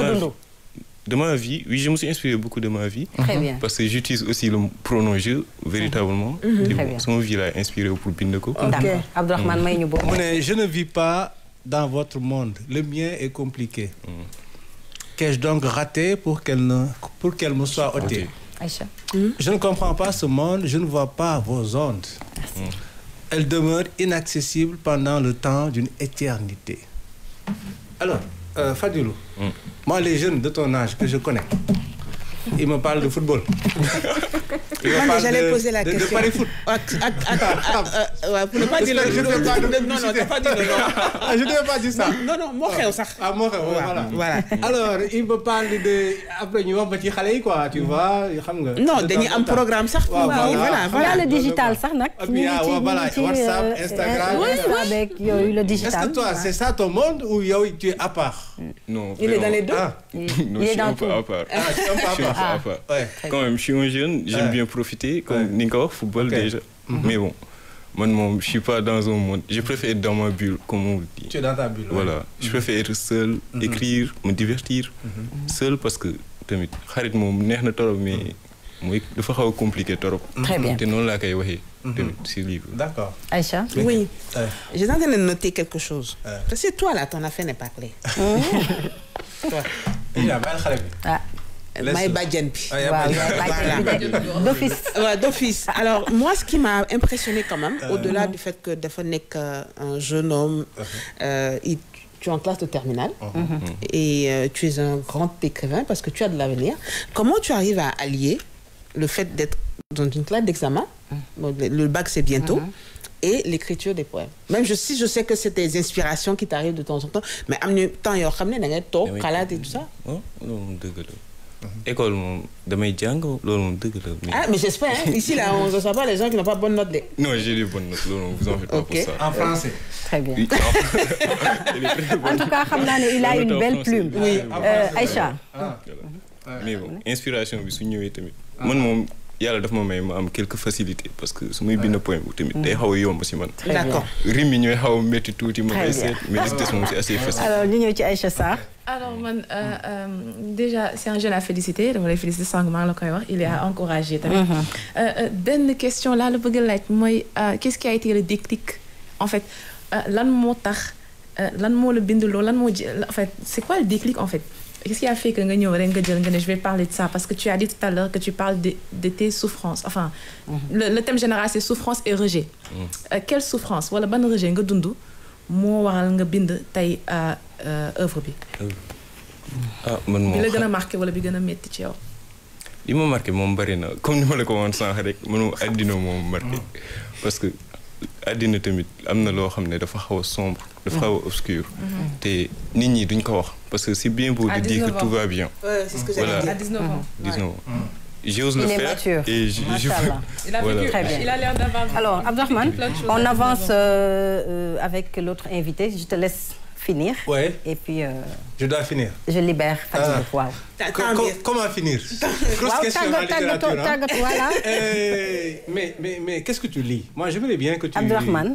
de ma vie, oui, je me suis inspiré beaucoup de ma vie. Très mhm. bien. Parce que j'utilise aussi le pronom je, véritablement. Mhm. Mhm. Son vie l'a inspiré pour Bindeko. Ok. Je ne vis pas dans votre monde. Le mien est compliqué. Qu'ai-je donc raté pour qu'elle pour qu'elle me soit ôtée Je ne comprends pas ce monde, je ne vois pas vos ondes. Elle demeure inaccessible pendant le temps d'une éternité. Alors, euh, mm. moi, les jeunes de ton âge que je connais, il me parle de football. J'allais poser la question. De Paris Foot. Attends, ah, ah, ah, Pour ne pas dire le nom. Non, non, t'as pas dit le nom. Je devais pas dire ça. Non, non, Mokhe, ça. Ah, Mokhé, voilà. voilà. Alors, il me parle de. Après, nous avons petit Khalei, quoi, tu vois. Non, il y a un programme, ça. Voilà, voilà. le digital, ça, nak. Voilà, WhatsApp, euh, Instagram. Euh, avec le digital. Est-ce que toi, c'est ça ton monde ou tu es à part Non. Il est dans les deux Il est dans le Ah, je suis un peu à part. Ah, ah, ah. quand même je suis un jeune j'aime bien profiter comme Nico, football déjà mhm. mais bon moi ne je suis pas dans un monde je préfère être dans ma bulle comme on dit. tu es dans ta bulle voilà je mhm. préfère être seul. Mhm. écrire me divertir. seul parce que tu xarit je suis un jeune, mais. je compliqué très bien C'est noonu livre. d'accord Aïcha. oui je suis en train de noter quelque chose. parce que toi là ton affaire n'est pas clé. toi. a baal xale My ah, d'office alors moi ce qui m'a impressionné quand même euh. au-delà du fait que Dafon est euh, un jeune homme uh-huh. euh, tu es en classe de terminale uh-huh. Uh-huh. et tu es un grand écrivain parce que tu as de l'avenir comment tu arrives à allier le fait d'être dans une classe d'examen le bac c'est bientôt et l'écriture des poèmes même je si je sais que c'est des inspirations qui t'arrivent de temps en temps mais en même temps y a da ngay et tout ça oh, école mhm. demain damay l'on loolu moom ah mais j'espère hein. ici là on ne reçoit pas les gens qui n'ont pas bonne note non j'ai des bonnes notes L'on vous en faites pas pour ça. en français. très bien. en tout cas xam il a une belle plume. oui euh, Aïcha. Ah. mais bon inspiration bi su ñëwee tamit ah. man yàlla daf ma may ma am quelques facilités parce que su muy bind point bu tamit mm. day xaw a yomb si man. d'accord rime yi ñooy xaw a métti tuuti ma koy seet mais li des moom assez facile. alors ñu ñëw ci Aïcha Sarr. alors man euh, euh, déjà c'est un jeune à féliciter dama lay féliciter sànq maa ngi la koy wax il est à mm-hmm. encourager tamit. Mm-hmm. Euh, benn question laa la bëgg a laaj mooy qu'est-ce qui a été le déclic en fait lan moo tax lan moo la bind loo lan moo en fait c'est quoi le déclic en fait. Qu'est-ce qui a fait que je vais parler de ça Parce que tu as dit tout à l'heure que tu parles de, de tes souffrances. Enfin, mm -hmm. le, le, thème général, c'est souffrance et rejet. Mm. Euh, quelle souffrance Voilà, bonne rejet, nga dundu mo waral nga bind tay euh, euh, œuvre bi. Euh, ah, man mo. Bi la gëna marqué wala bi gëna metti ci yow. Li marqué mom bari na, comme ni ma la ko won sank rek, mënu adina mom marqué. Mm. Parce que àddina tamit am na loo xam dafa xaw sombre le xaw a mm-hmm. obscur mm-hmm. te nit ñi duñ ko wax parce que c'est bien beau de dire que tout va bien voilà à 19 ans 19 mm-hmm. ans j'ose le faire et je, je... Il a voilà. Il a l'air d'avoir Alors, Abdurrahman, on avance euh, euh, avec l'autre invité. Je te laisse finir. Ouais. Et puis. Euh, je dois finir. Je libère Ah. Wow. Comment finir Grosse wow, question littérature. Hein. Eh, mais mais, mais qu'est-ce que tu lis Moi, j'aimerais bien que tu. lis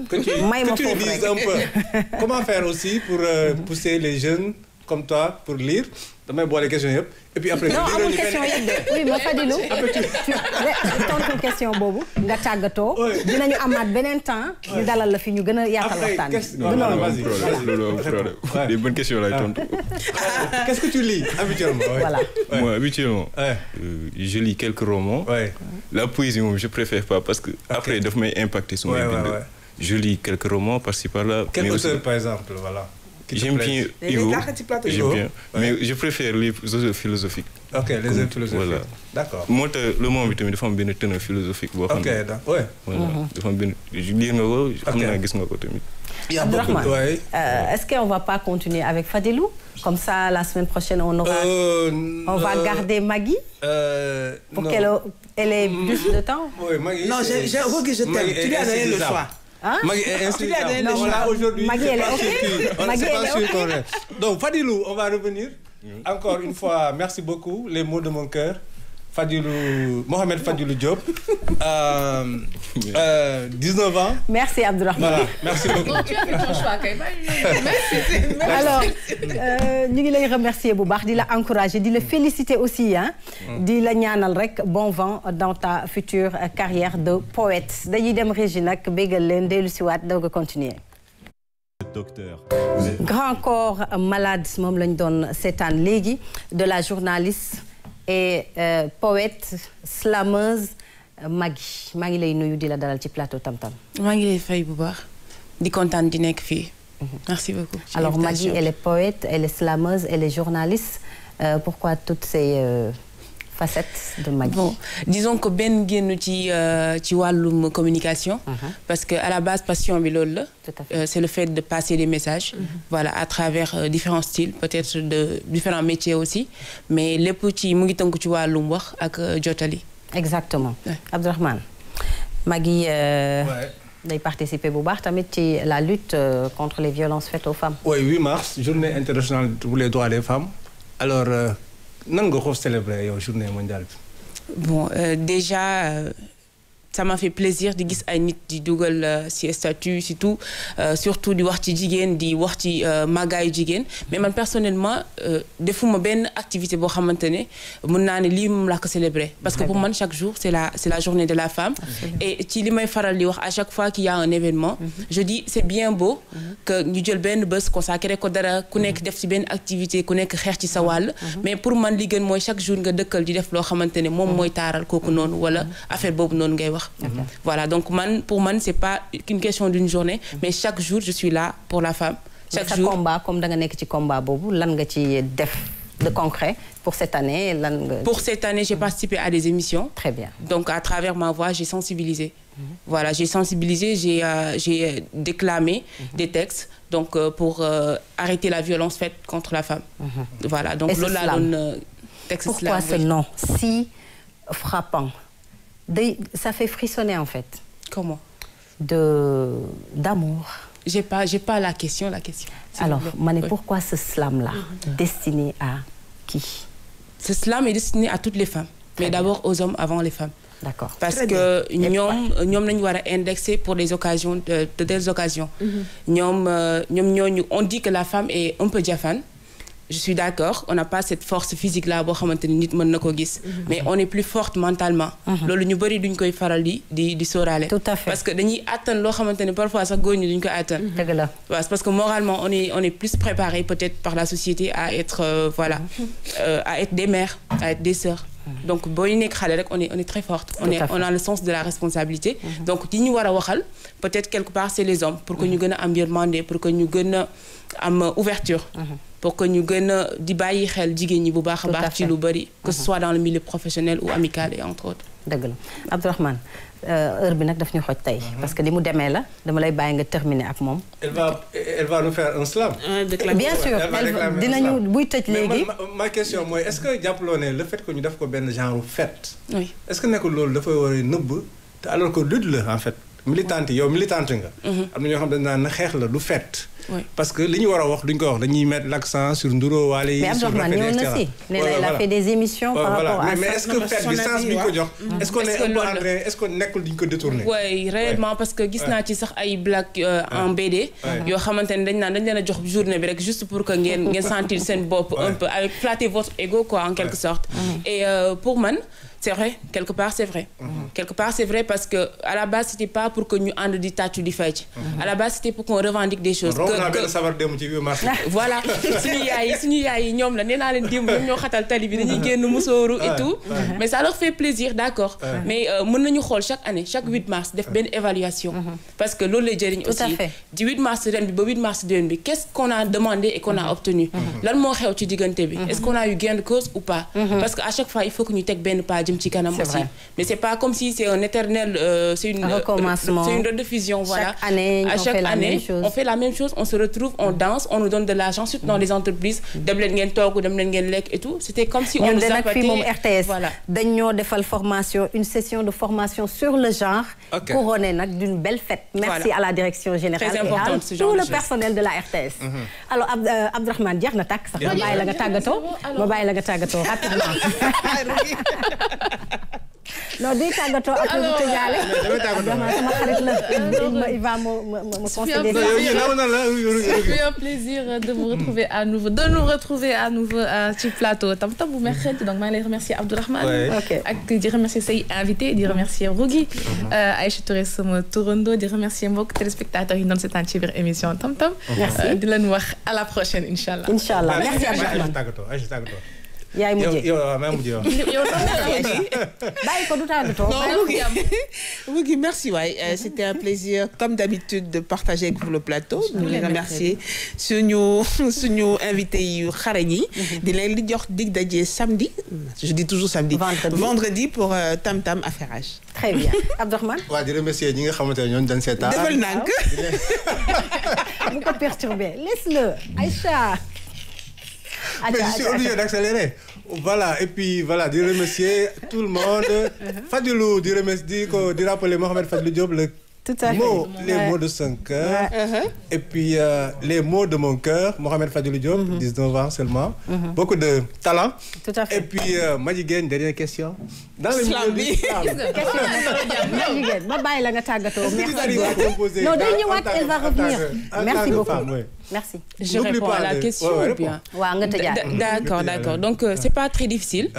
Que tu, que tu un peu. Comment faire aussi pour euh, pousser les jeunes comme toi pour lire damay boole question yëpp et puis après. non amul question pas de oui ma Fadilou tontu question boobu nga tàggatoo. dinañu amaat beneen temps. ñu dalal la fi ñu gën a yaatal waxtaan bi. non non vas-y vas-y des bonnes questions là, tontu. qu'est-ce que tu lis habituellement. voilà moi habituellement. Euh, je lis quelques romans. la poésie je je préfère pas parce que après daf may impacter sur je lis quelques romans par-ci par-là. quel auteur par exemple voilà. J'aime bien Hugo. J'aime bien. Mais je préfère les œuvres philosophiques. Ok, les œuvres philosophiques. Voilà. D'accord. Moi, le monde, je suis bien philosophique. Ok, d'accord. Ouais. Voilà. Mhm. Je lis mes mots, je connais mes mots. Il y a beaucoup euh, Est-ce qu'on ne va pas continuer avec Fadelou Comme ça, la semaine prochaine, on aura. Euh, on va euh, garder Maggie euh, pour qu'elle ait plus de temps. Oui, Maggie. Non, j'ai que je t'aime. Tu lui as donné le choix. Hein? Magui, eh, eh, aujourd'hui. Magui, elle est OK. Magui, elle est OK. Donc, Fadilou, on va revenir. Encore une fois, merci beaucoup. Les mots de mon cœur. Mohamed Fadilou Diop, 19 euh, euh, ans. Merci Abdourahmane. Voilà, merci beaucoup. tu as fait ton choix, Merci. Alors, voulons euh, remercier de le féliciter aussi, hein. mm. bon vent dans ta future carrière de poète. D'ailleurs, continuer. Grand corps malade, c'est un légui de la journaliste et euh, poète slameuse euh, Magui. Magui, est lay nuyu di la dalal ci plateau Tam Tam. maa est lay fay bu baax di kontaan di mhm. merci beaucoup. alors Magui, elle est poète elle est slameuse elle est journaliste euh, pourquoi toutes ces facette de Magui. bon disons que Ben génn ci euh, ci walum communication. Mhm. parce que à la base passion bi euh, c'est le fait de passer des messages. Mhm. voilà à travers euh, différents styles peut-être de différents métiers aussi mais les ci mu ngi tënk ci walum wax ak jotali exactement Abdourahmane Magui. day participer bu à la lutte contre les violences faites aux femmes. oui 8 mars journée internationale pour les droits des femmes alors. nan nga ko célébrer yow journée mondiale bi. bon euh, déjà. Euh... ça m'a fait plaisir de gis ay nit di dugal si euh, tout surtout euh, surtout di wax ci jigéen di wax ci euh, màggaayu jigéen mais man personnellement defuma benn activité ben activité ne mën naa ne lii moom laa célébrer parce que pour man chaque jour c'est la c'est la journée de la femme et ci li may faral di wax à chaque fois qu'il y a un événement mhm. je dis c'est bien beau mhm. que ñu jël ben bus consacré ko dara ku mhm. nekk def ci benn activité ku nekk xeex ci sa wàll mais pour man li gën mooy chaque jour nga dëkkal di def loo xamante ne moom mooy taaral kooku noonu wala affaire boobu noonu ngay voilà donc pour pour ce n'est pas qu'une question d'une journée mhm. mais chaque jour je suis là pour la femme chaque combat comme dans les ci combat beaucoup, de concret pour cette année pour cette année j'ai mhm. participé à des émissions très bien donc à travers ma voix j'ai sensibilisé mhm. voilà j'ai sensibilisé j'ai euh, euh, déclamé des textes donc euh, pour arrêter la violence faite contre la femme voilà donc pourquoi ce nom si frappant ça fait frissonner en fait. Comment De d'amour. J'ai pas j'ai pas la question la question. Alors, Mané, pourquoi ce slam là mhm. destiné à qui Ce slam est destiné à toutes les femmes, mais d'abord aux hommes avant les femmes. D'accord. Parce que ñom ñom pour des occasions de, occasions. Mhm. Euh, on dit que la femme est un peu diaphane je suis d'accord on n'a pas cette force physique là à voir nit mën mhm. mais on est plus forte mentalement. Mhm. loolu ñu bëri duñ koy faral di di tout à fait parce que dañuy àttan loo xamante parfois sax góor duñ mhm. C'est parce que moralement on est on est plus préparé peut-être par la société à être euh, voilà euh, à être des mères à être des sœurs. donc on est on est très forte. on est on a le sens de la responsabilité. donc li ñu des waxal peut-être quelque part c'est les hommes. pour que nous gën nous demander, pour que nous gën am ouverture pour que ñu gën a di bàyyi xel jigéen ñi bu baax a baax ci lu bari que ce soit dans le milieu professionnel ou amical et entre autres dëgg la Abdourahmane euh, heure bi nag daf ñu xoj tey parce que li mu demee la dama lay bàyyi nga terminer ak moom elle va elle va nous faire un slam bien sûr dinañu buy tëj léegi ma question mooy est-ce que jàppaloo le fait que ñu def ko benn genre fête oui est-ce que nekkul loolu dafa war a nëbb te alors que lutte la en fait militante yow militante nga am na ñoo xam ne dañ naan na xeex la du fête parce que li ñu war wax duñ ko wax dañuy mettre l'accent sur nduro waale yi. sur rafet a fait des émissions. mais est-ce que perte du sens bi ko jox. Mm. est-ce qu'on est un peu entraîné est-ce que duñ ko oui réellement parce que gis naa ci sax ay blagues euh, en BD. yo xamantene dañ nan dañ jox journée bi rek juste pour que ngeen ngeen sentir sen bop un peu avec flatter votre ego quoi en quelque sorte. et euh, pour man. c'est vrai quelque part c'est vrai. quelque part c'est vrai parce que à la base c'était pas pour que nous ànd du tàccu di fecc. à la base c'était pour qu'on revendique des choses. voilà la ñoo xatal tali et tout. mais ça leur fait plaisir d'accord. mais euh, mën nañu chaque année chaque 8 mars def une évaluation. Mm-hmm. parce que loolu les aussi. di 8 mars 8 mars quest ce qu'on a demandé et qu'on a mm-hmm. obtenu. Mm-hmm. est ce qu'on a eu gain de cause ou pas. parce qu'à chaque fois il faut que ñu teg ben pas ci kanam. aussi mais c'est n'est pas comme si c'était un éternel euh, c'est une. recommencement C'est une rediffusion voilà. année à chaque année on fait la même chose se retrouve, on danse, on nous donne de l'argent, surtout dans les entreprises. dem Talk talk dem et tout. c'était comme si on nous a RTS voilà formation une session de formation sur le genre. couronnée d'une belle fête. merci à la direction générale et à tout le personnel de la RTS. Mhm. alors Ab euh, Abdourahmane dire na tàkk ça la la rapidement. Ah Euh, euh, c'est un plaisir de vous retrouver à nouveau de nous retrouver à nouveau euh, plateau Tom vous vous donc je remercier Abdourahmane. ok remercier invités remercier Rougi, mhm. Aïcha Touré je remercier téléspectateurs spectateurs émission Tom merci à la prochaine Inch'Allah yaay mujjee yow waaw maa mujjee yow bàyyi ko du tàggatoo Rougui merci waay euh, c'était un plaisir comme d'habitude de partager avec vous le plateau Nous les remercier suñu suñu invité yu xaré yi mhm. di len di jox dig daje samedi je dis toujours samedi vendredi pour euh, Tam Tam affairage très bien Abdourahmane wa di remercier ñi nga xamanté ne ñoon dañ seetaan defal n'ank. bu ko perturbé laisse-le Aïcha ah, mais je suis obligé d'accélérer. Voilà, et puis voilà, de remercier tout le monde. Uh-huh. Fadilou, de remercier, de rappeler Mohamed Fadilou Diop, le tout à mots, les mots de son cœur. Ouais. Uh-huh. Et puis euh, les mots de mon cœur, Mohamed Fadilou Diop, mm -hmm. 19 ans seulement. Mm -hmm. Beaucoup de talent. Tout à fait. Et puis, euh, dernière question. Dans les milieu du islam. Magigen, ma baille la gataga to. Merci. Non, elle va revenir. Merci beaucoup merci je réponds à la question bien d'accord d'accord donc euh, c'est pas très difficile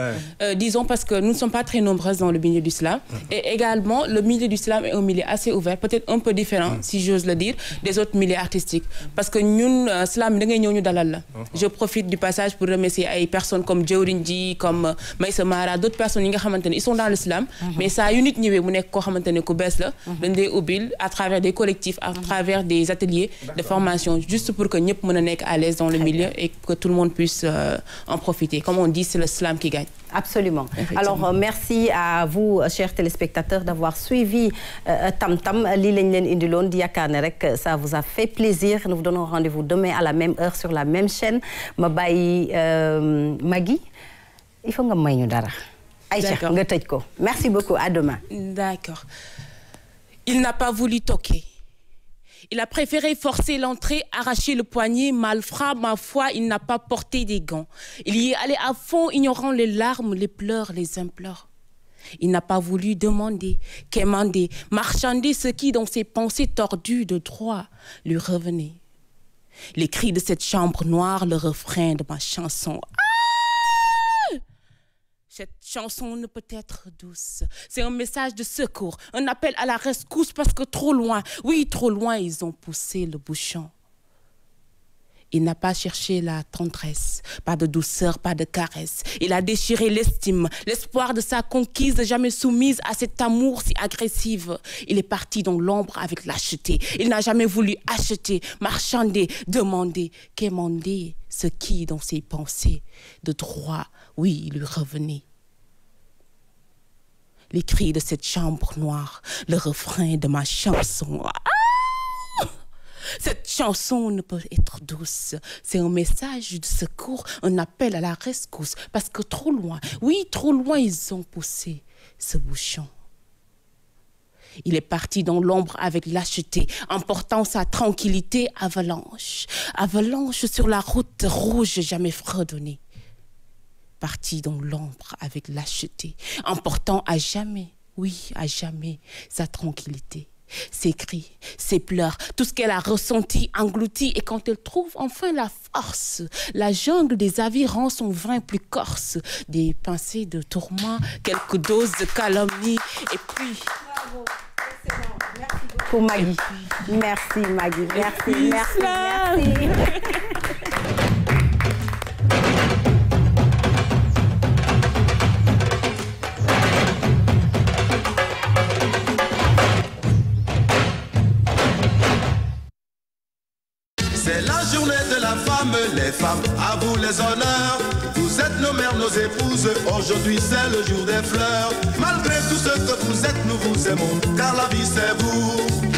euh, disons parce que nous ne sommes pas très nombreuses dans le milieu du slam et également le milieu du slam est un milieu assez ouvert peut-être un peu différent si j'ose le dire des autres milieux artistiques parce que ñun euh, slam da ngay dans uh-huh. je profite du passage pour remercier des personnes comme Jawrin comme Maïssa Mara d'autres personnes qui ils sont dans le slam uh-huh. mais ça, à unique mu nekk koo xamante ne uh-huh. à travers des collectifs à travers des ateliers de formation juste pour pour que à l'aise dans le milieu et que tout le monde puisse euh, en profiter. Comme on dit, c'est le slam qui gagne. Absolument. Alors, euh, merci à vous, euh, chers téléspectateurs, d'avoir suivi Tam Tam. Ça vous a fait plaisir. Nous vous donnons rendez-vous demain à la même heure sur la même chaîne. Mabaye Magui, il faut que Aïcha, Merci beaucoup. À demain. D'accord. Il n'a pas voulu toquer. Il a préféré forcer l'entrée, arracher le poignet, malfrat, ma foi, il n'a pas porté des gants. Il y est allé à fond, ignorant les larmes, les pleurs, les implores. Il n'a pas voulu demander, quémander, marchander ce qui, dans ses pensées tordues de droit, lui revenait. Les cris de cette chambre noire, le refrain de ma chanson. Ah! Chanson ne peut-être douce. C'est un message de secours, un appel à la rescousse parce que trop loin, oui, trop loin, ils ont poussé le bouchon. Il n'a pas cherché la tendresse, pas de douceur, pas de caresse. Il a déchiré l'estime, l'espoir de sa conquise jamais soumise à cet amour si agressif. Il est parti dans l'ombre avec l'acheter, Il n'a jamais voulu acheter, marchander, demander, quémander ce qui, dans ses pensées, de droit, oui, lui revenait les cris de cette chambre noire, le refrain de ma chanson. Ah! cette chanson ne peut être douce. C'est un message de secours, un appel à la rescousse, parce que trop loin, oui, trop loin, ils ont poussé ce bouchon. Il est parti dans l'ombre avec lâcheté, emportant sa tranquillité avalanche, avalanche sur la route rouge jamais fredonnée parti dans l'ombre avec lâcheté, emportant à jamais, oui, à jamais, sa tranquillité ses cris, ses pleurs, tout ce qu'elle a ressenti, englouti, et quand elle trouve enfin la force, la jungle des avis rend son vin plus corse, des pensées de tourments, quelques doses de calomnie, et puis... Bravo. Excellent. Merci beaucoup. Pour Maggie. Merci Maggie. Merci, merci, merci. merci. C'est la journée de la femme, les femmes, à vous les honneurs. Vous êtes nos mères, nos épouses, aujourd'hui c'est le jour des fleurs. Malgré tout ce que vous êtes, nous vous aimons, car la vie c'est vous.